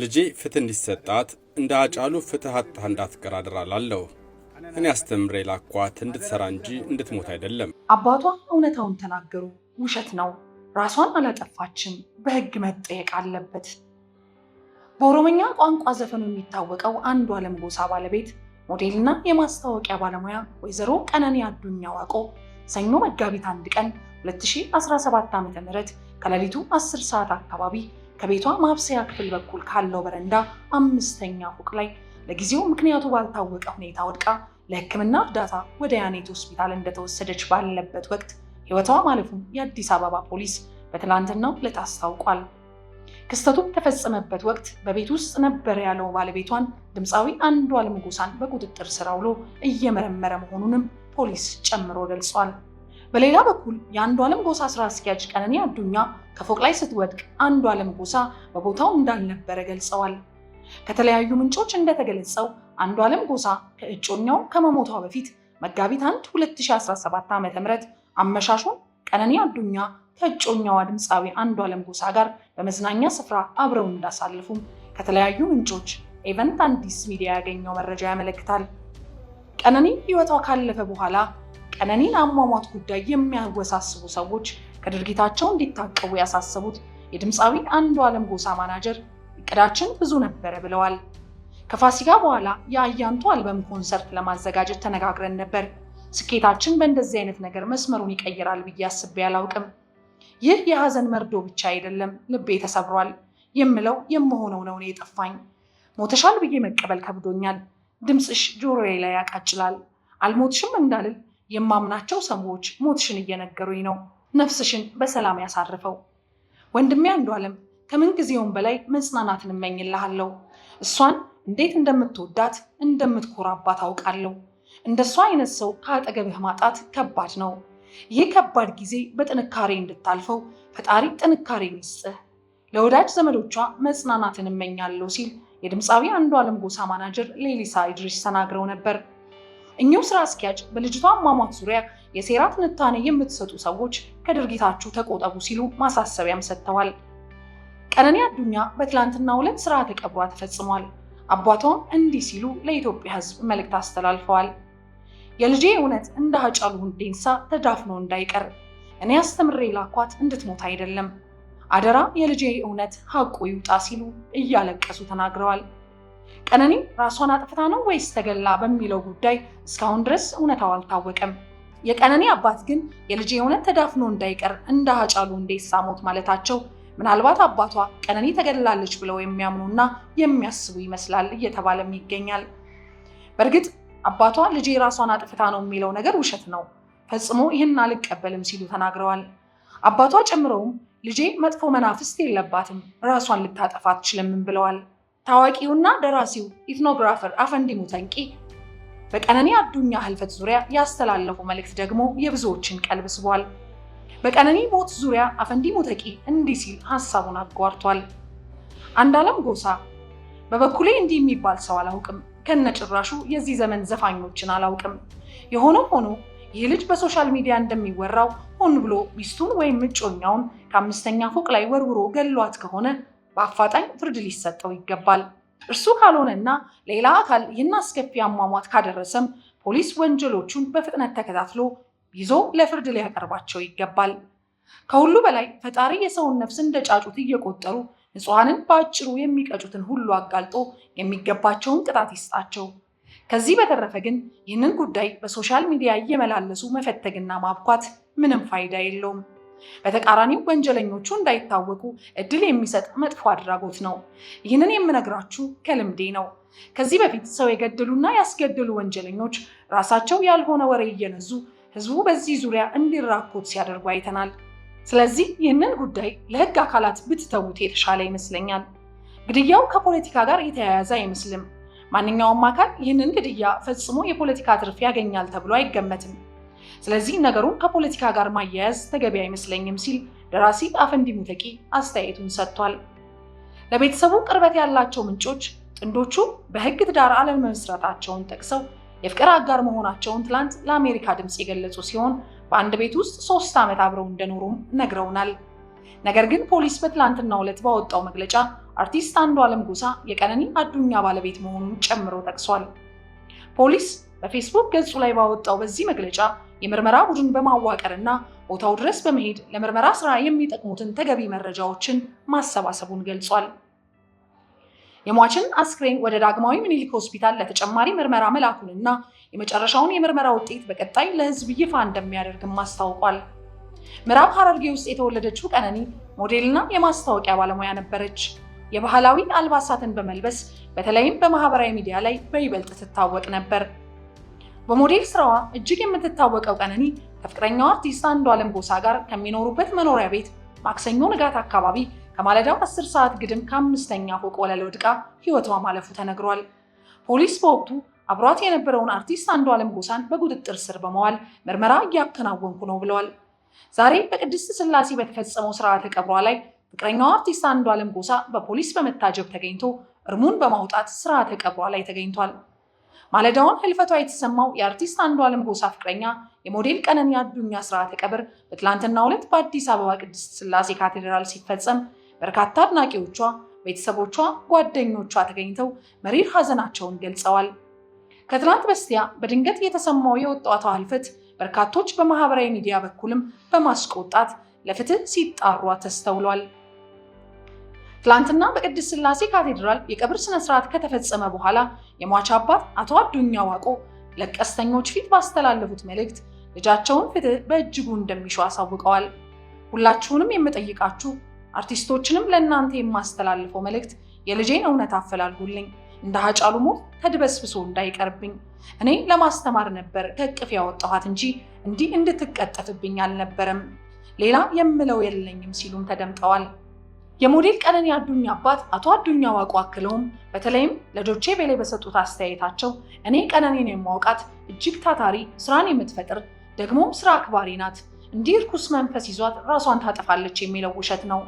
ልጄ ፍትህ እንዲሰጣት እንደ አጫሉ ፍትህ አጣ እንዳትቀር እኔ አስተምሬ ላኳት እንድትሰራ እንጂ እንድትሞት አይደለም። አባቷ እውነታውን ተናገሩ። ውሸት ነው፣ ራሷን አላጠፋችም፣ በህግ መጠየቅ አለበት። በኦሮምኛ ቋንቋ ዘፈኑ የሚታወቀው አንዱ አለም ጎሳ ባለቤት ሞዴልና የማስታወቂያ ባለሙያ ወይዘሮ ቀነኒ አዱኛ ዋቆ ሰኞ መጋቢት አንድ ቀን 2017 .ም ከሌሊቱ 10 ሰዓት አካባቢ ከቤቷ ማብሰያ ክፍል በኩል ካለው በረንዳ አምስተኛ ፎቅ ላይ ለጊዜው ምክንያቱ ባልታወቀ ሁኔታ ወድቃ ለሕክምና እርዳታ ወደ ያኔት ሆስፒታል እንደተወሰደች ባለበት ወቅት ሕይወቷ ማለፉን የአዲስ አበባ ፖሊስ በትላንትናው ዕለት አስታውቋል። ክስተቱ በተፈጸመበት ወቅት በቤት ውስጥ ነበር ያለው ባለቤቷን ድምፃዊ አንዷለም ጎሳን በቁጥጥር ስር አውሎ እየመረመረ መሆኑንም ፖሊስ ጨምሮ ገልጿል። በሌላ በኩል ዓለም ጎሳ ስራ አስኪያጅ ቀነኒ አዱኛ ከፎቅ ላይ ስትወድቅ ዓለም ጎሳ በቦታው እንዳልነበረ ገልጸዋል። ከተለያዩ ምንጮች እንደተገለጸው ዓለም ጎሳ ከእጮኛው ከመሞቷ በፊት መጋቢት 1 2017 ዓ.ም አመሻሹን ቀነኒ አዱኛ ከእጮኛዋ ድምፃዊ ዓለም ጎሳ ጋር በመዝናኛ ስፍራ አብረው እንዳሳልፉም ከተለያዩ ምንጮች ኤቨንት አንዲስ ሚዲያ ያገኘው መረጃ ያመለክታል። ቀነኒ ሕይወቷ ካለፈ በኋላ ቀነኒን አሟሟት ጉዳይ የሚያወሳስቡ ሰዎች ከድርጊታቸው እንዲታቀቡ ያሳሰቡት የድምፃዊ አንዱዓለም ጎሳ ማናጀር እቅዳችን ብዙ ነበረ ብለዋል። ከፋሲካ በኋላ የአያንቱ አልበም ኮንሰርት ለማዘጋጀት ተነጋግረን ነበር። ስኬታችን በእንደዚህ አይነት ነገር መስመሩን ይቀይራል ብዬ አስቤ አላውቅም። ይህ የሐዘን መርዶ ብቻ አይደለም፣ ልቤ ተሰብሯል። የምለው የምሆነው ነው የጠፋኝ። ሞተሻል ብዬ መቀበል ከብዶኛል። ድምፅሽ ጆሮዬ ላይ ያቃጭላል። አልሞትሽም እንዳልል የማምናቸው ሰዎች ሞትሽን እየነገሩኝ ነው። ነፍስሽን በሰላም ያሳርፈው ወንድሜ አንዱ ዓለም። ከምን በላይ መጽናናትን እመኝልሃለሁ። እሷን እንዴት እንደምትወዳት እንደምትኮራባት አውቃለሁ። እንደሷ አይነት ሰው ከአጠገብህ ማጣት ከባድ ነው። ይህ ከባድ ጊዜ በጥንካሬ እንድታልፈው ፈጣሪ ጥንካሬ ይስጥህ። ለወዳጅ ዘመዶቿ መጽናናትን እመኛለሁ ሲል የድምፃዊ አንዱ አለም ጎሳ ማናጀር ሌሊሳ ኢድሪስ ተናግረው ነበር። እኚሁ ስራ አስኪያጅ በልጅቷ አሟሟት ዙሪያ የሴራ ትንታኔ የምትሰጡ ሰዎች ከድርጊታችሁ ተቆጠቡ ሲሉ ማሳሰቢያም ሰጥተዋል። ቀነኒ አዱኛ በትላንትናው ዕለት ስርዓተ ቀብሯ ተፈጽሟል። አባቷም እንዲህ ሲሉ ለኢትዮጵያ ሕዝብ መልእክት አስተላልፈዋል። የልጄ እውነት እንደ ሃጫሉ ሁንዴሳ ተዳፍኖ እንዳይቀር እኔ አስተምሬ ላኳት እንድትሞት አይደለም። አደራ የልጄ እውነት ሀቁ ይውጣ ሲሉ እያለቀሱ ተናግረዋል። ቀነኒ ራሷን አጥፍታ ነው ወይስ ተገላ በሚለው ጉዳይ እስካሁን ድረስ እውነታው አልታወቀም። የቀነኒ አባት ግን የልጄ እውነት ተዳፍኖ እንዳይቀር እንደ ሀጫሉ ሁንዴሳ ሞት ማለታቸው ምናልባት አባቷ ቀነኒ ተገድላለች ብለው የሚያምኑና የሚያስቡ ይመስላል እየተባለም ይገኛል። በእርግጥ አባቷ ልጄ ራሷን አጥፍታ ነው የሚለው ነገር ውሸት ነው፣ ፈጽሞ ይህን አልቀበልም ሲሉ ተናግረዋል። አባቷ ጨምረውም ልጄ መጥፎ መናፍስት የለባትም ራሷን ልታጠፋ አትችልም ብለዋል። ታዋቂውና ደራሲው ኢትኖግራፈር አፈንዲ ሙተንቂ በቀነኒ አዱኛ ህልፈት ዙሪያ ያስተላለፉ መልእክት ደግሞ የብዙዎችን ቀልብ ስቧል። በቀነኒ ሞት ዙሪያ አፈንዲ ሙተቂ እንዲህ ሲል ሀሳቡን አጓርቷል። አንዳለም ጎሳ በበኩሌ እንዲህ የሚባል ሰው አላውቅም፣ ከነጭራሹ የዚህ ዘመን ዘፋኞችን አላውቅም። የሆነም ሆኖ ይህ ልጅ በሶሻል ሚዲያ እንደሚወራው ሆን ብሎ ሚስቱን ወይም እጮኛውን ከአምስተኛ ፎቅ ላይ ወርውሮ ገሏት ከሆነ በአፋጣኝ ፍርድ ሊሰጠው ይገባል። እርሱ ካልሆነና ሌላ አካል ይህን አስከፊ አሟሟት ካደረሰም ፖሊስ ወንጀሎቹን በፍጥነት ተከታትሎ ይዞ ለፍርድ ሊያቀርባቸው ይገባል። ከሁሉ በላይ ፈጣሪ የሰውን ነፍስ እንደ ጫጩት እየቆጠሩ ንጹሐንን በአጭሩ የሚቀጩትን ሁሉ አጋልጦ የሚገባቸውን ቅጣት ይስጣቸው። ከዚህ በተረፈ ግን ይህንን ጉዳይ በሶሻል ሚዲያ እየመላለሱ መፈተግና ማብኳት ምንም ፋይዳ የለውም። በተቃራኒው ወንጀለኞቹ እንዳይታወቁ እድል የሚሰጥ መጥፎ አድራጎት ነው። ይህንን የምነግራችሁ ከልምዴ ነው። ከዚህ በፊት ሰው የገደሉና ያስገደሉ ወንጀለኞች ራሳቸው ያልሆነ ወሬ እየነዙ ህዝቡ በዚህ ዙሪያ እንዲራኮት ሲያደርጉ አይተናል። ስለዚህ ይህንን ጉዳይ ለህግ አካላት ብትተዉት የተሻለ ይመስለኛል። ግድያው ከፖለቲካ ጋር የተያያዘ አይመስልም። ማንኛውም አካል ይህንን ግድያ ፈጽሞ የፖለቲካ ትርፍ ያገኛል ተብሎ አይገመትም። ስለዚህ ነገሩን ከፖለቲካ ጋር ማያያዝ ተገቢ አይመስለኝም ሲል ደራሲ አፈንዲ ሙተቂ አስተያየቱን ሰጥቷል። ለቤተሰቡ ቅርበት ያላቸው ምንጮች ጥንዶቹ በህግ ትዳር አለመመስረታቸውን ጠቅሰው የፍቅር አጋር መሆናቸውን ትላንት ለአሜሪካ ድምፅ የገለጹ ሲሆን በአንድ ቤት ውስጥ ሶስት ዓመት አብረው እንደኖሩም ነግረውናል። ነገር ግን ፖሊስ በትላንትናው ዕለት ባወጣው መግለጫ አርቲስት አንዷለም ጎሳ የቀነኒ አዱኛ ባለቤት መሆኑን ጨምሮ ጠቅሷል። ፖሊስ በፌስቡክ ገጹ ላይ ባወጣው በዚህ መግለጫ የምርመራ ቡድን በማዋቀርና ቦታው ድረስ በመሄድ ለምርመራ ስራ የሚጠቅሙትን ተገቢ መረጃዎችን ማሰባሰቡን ገልጿል። የሟችን አስክሬን ወደ ዳግማዊ ምኒልክ ሆስፒታል ለተጨማሪ ምርመራ እና የመጨረሻውን የምርመራ ውጤት በቀጣይ ለሕዝብ ይፋ እንደሚያደርግም አስታውቋል። ምዕራብ ሐረርጌ ውስጥ የተወለደችው ቀነኒ ሞዴልና የማስታወቂያ ባለሙያ ነበረች። የባህላዊ አልባሳትን በመልበስ በተለይም በማህበራዊ ሚዲያ ላይ በይበልጥ ትታወቅ ነበር። በሞዴል ስራዋ እጅግ የምትታወቀው ቀነኒ ከፍቅረኛው አርቲስት አንዷለም ጎሳ ጋር ከሚኖሩበት መኖሪያ ቤት ማክሰኞ ንጋት አካባቢ ከማለዳው 10 ሰዓት ግድም ከአምስተኛ ፎቅ ወለል ወድቃ ህይወቷ ማለፉ ተነግሯል። ፖሊስ በወቅቱ አብሯት የነበረውን አርቲስት አንዷለም ጎሳን በቁጥጥር ስር በመዋል ምርመራ እያከናወንኩ ነው ብለዋል። ዛሬ በቅድስት ስላሴ በተፈጸመው ስርዓተ ቀብሯ ላይ ፍቅረኛው አርቲስት አንዷለም ጎሳ በፖሊስ በመታጀብ ተገኝቶ እርሙን በማውጣት ስርዓተ ቀብሯ ላይ ተገኝቷል። ማለዳውን ህልፈቷ የተሰማው የአርቲስት አንዷለም ጎሳ ፍቅረኛ የሞዴል ቀነኒ አዱኛ ስርዓተ ቀብር በትላንትናው ዕለት በአዲስ አበባ ቅድስት ሥላሴ ካቴድራል ሲፈጸም በርካታ አድናቂዎቿ፣ ቤተሰቦቿ፣ ጓደኞቿ ተገኝተው መሪር ሀዘናቸውን ገልጸዋል። ከትናንት በስቲያ በድንገት የተሰማው የወጣቷ ህልፈት በርካቶች በማህበራዊ ሚዲያ በኩልም በማስቆጣት ለፍትህ ሲጣሯ ተስተውሏል። ትላንትና በቅድስት ስላሴ ካቴድራል የቀብር ስነ ስርዓት ከተፈጸመ በኋላ የሟች አባት አቶ አዱኛ ዋቆ ለቀስተኞች ፊት ባስተላለፉት መልእክት ልጃቸውን ፍትህ በእጅጉ እንደሚሹ አሳውቀዋል። ሁላችሁንም የምጠይቃችሁ አርቲስቶችንም ለእናንተ የማስተላልፈው መልእክት የልጄን እውነት አፈላልጉልኝ፣ እንደ ሀጫሉ ሞት ተድበስብሶ እንዳይቀርብኝ። እኔ ለማስተማር ነበር ከእቅፍ ያወጣኋት እንጂ እንዲህ እንድትቀጠፍብኝ አልነበረም። ሌላ የምለው የለኝም ሲሉም ተደምጠዋል። የሞዴል ቀነኒ አዱኛ አባት አቶ አዱኛ ዋቆ አክለውም በተለይም ለዶቼ ቬለ በሰጡት አስተያየታቸው እኔ ቀነኒን የማውቃት እጅግ ታታሪ፣ ስራን የምትፈጥር ደግሞም ስራ አክባሪ ናት። እንዲህ እርኩስ መንፈስ ይዟት ራሷን ታጠፋለች የሚለው ውሸት ነው።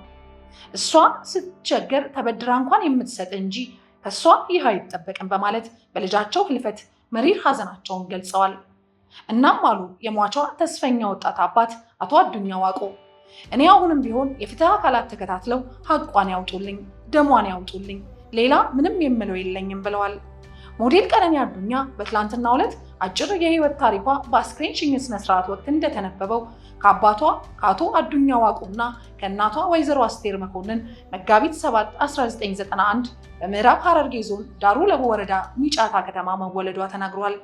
እሷ ስትቸገር ተበድራ እንኳን የምትሰጥ እንጂ ከእሷ ይህ አይጠበቅም በማለት በልጃቸው ህልፈት መሪር ሀዘናቸውን ገልጸዋል። እናም አሉ የሟቿ ተስፈኛ ወጣት አባት አቶ አዱኛ ዋቆ እኔ አሁንም ቢሆን የፍትህ አካላት ተከታትለው ሀቋን ያውጡልኝ፣ ደሟን ያውጡልኝ፣ ሌላ ምንም የምለው የለኝም ብለዋል። ሞዴል ቀነኒ አዱኛ በትላንትናው ዕለት አጭር የህይወት ታሪኳ በአስክሬን ሽኝት ስነስርዓት ወቅት እንደተነበበው ከአባቷ ከአቶ አዱኛ ዋቁና ከእናቷ ወይዘሮ አስቴር መኮንን መጋቢት 7 1991 በምዕራብ ሐረርጌ ዞን ዳሩ ለቡ ወረዳ ሚጫታ ከተማ መወለዷ ተናግሯል።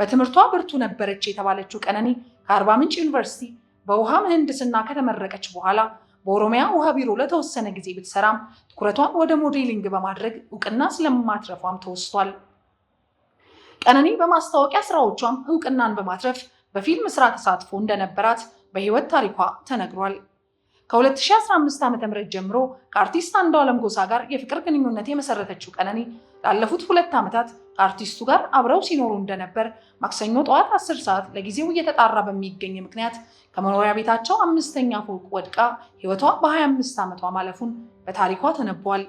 በትምህርቷ ብርቱ ነበረች የተባለችው ቀነኒ ከአርባ ምንጭ ዩኒቨርሲቲ በውሃ ምህንድስና ከተመረቀች በኋላ በኦሮሚያ ውሃ ቢሮ ለተወሰነ ጊዜ ብትሰራም ትኩረቷን ወደ ሞዴሊንግ በማድረግ እውቅና ስለማትረፏም ተወስቷል። ቀነኒ በማስታወቂያ ስራዎቿም እውቅናን በማትረፍ በፊልም ስራ ተሳትፎ እንደነበራት በህይወት ታሪኳ ተነግሯል። ከ2015 ዓ ም ጀምሮ ከአርቲስት አለም ጎሳ ጋር የፍቅር ግንኙነት የመሰረተችው ቀነኒ ላለፉት ሁለት ዓመታት ከአርቲስቱ ጋር አብረው ሲኖሩ እንደነበር ማክሰኞ ጠዋት 10 ሰዓት ለጊዜው እየተጣራ በሚገኝ ምክንያት ከመኖሪያ ቤታቸው አምስተኛ ፎቅ ወድቃ ሕይወቷ በ25 ዓመቷ ማለፉን በታሪኳ ተነቧል።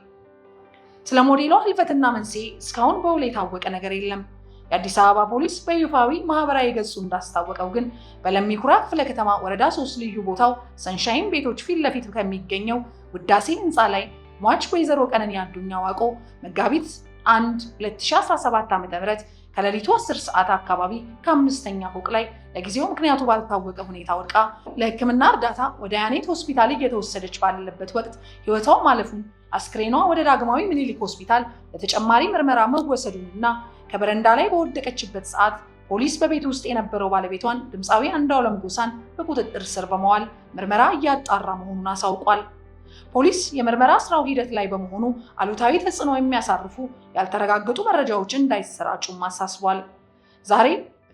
ስለ ሞዴሏ ህልፈትና መንስኤ እስካሁን በውል የታወቀ ነገር የለም። የአዲስ አበባ ፖሊስ በይፋዊ ማህበራዊ ገጹ እንዳስታወቀው ግን በለሚ ኩራ ክፍለ ከተማ ወረዳ ሶስት ልዩ ቦታው ሰንሻይን ቤቶች ፊት ለፊት ከሚገኘው ውዳሴ ህንፃ ላይ ሟች ወይዘሮ ቀነኒ አዱኛ ዋቆ መጋቢት 1 2017 ዓ.ም ከሌሊቱ 10 ሰዓት አካባቢ ከአምስተኛ ፎቅ ላይ ለጊዜው ምክንያቱ ባልታወቀ ሁኔታ ወድቃ ለሕክምና እርዳታ ወደ ያኔት ሆስፒታል እየተወሰደች ባለበት ወቅት ህይወቷ ማለፉን አስክሬኗ ወደ ዳግማዊ ምኒልክ ሆስፒታል ለተጨማሪ ምርመራ መወሰዱንና ከበረንዳ ላይ በወደቀችበት ሰዓት ፖሊስ በቤት ውስጥ የነበረው ባለቤቷን ድምፃዊ አንዷለም ጎሳን በቁጥጥር ስር በመዋል ምርመራ እያጣራ መሆኑን አሳውቋል። ፖሊስ የምርመራ ስራው ሂደት ላይ በመሆኑ አሉታዊ ተጽዕኖ የሚያሳርፉ ያልተረጋገጡ መረጃዎች እንዳይሰራጩም አሳስቧል። ዛሬ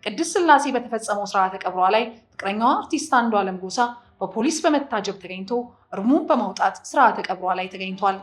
በቅድስት ስላሴ በተፈጸመው ስርዓተ ቀብሯ ላይ ፍቅረኛዋ አርቲስት አንዷለም ጎሳ በፖሊስ በመታጀብ ተገኝቶ እርሙን በመውጣት ስርዓተ ቀብሯ ላይ ተገኝቷል።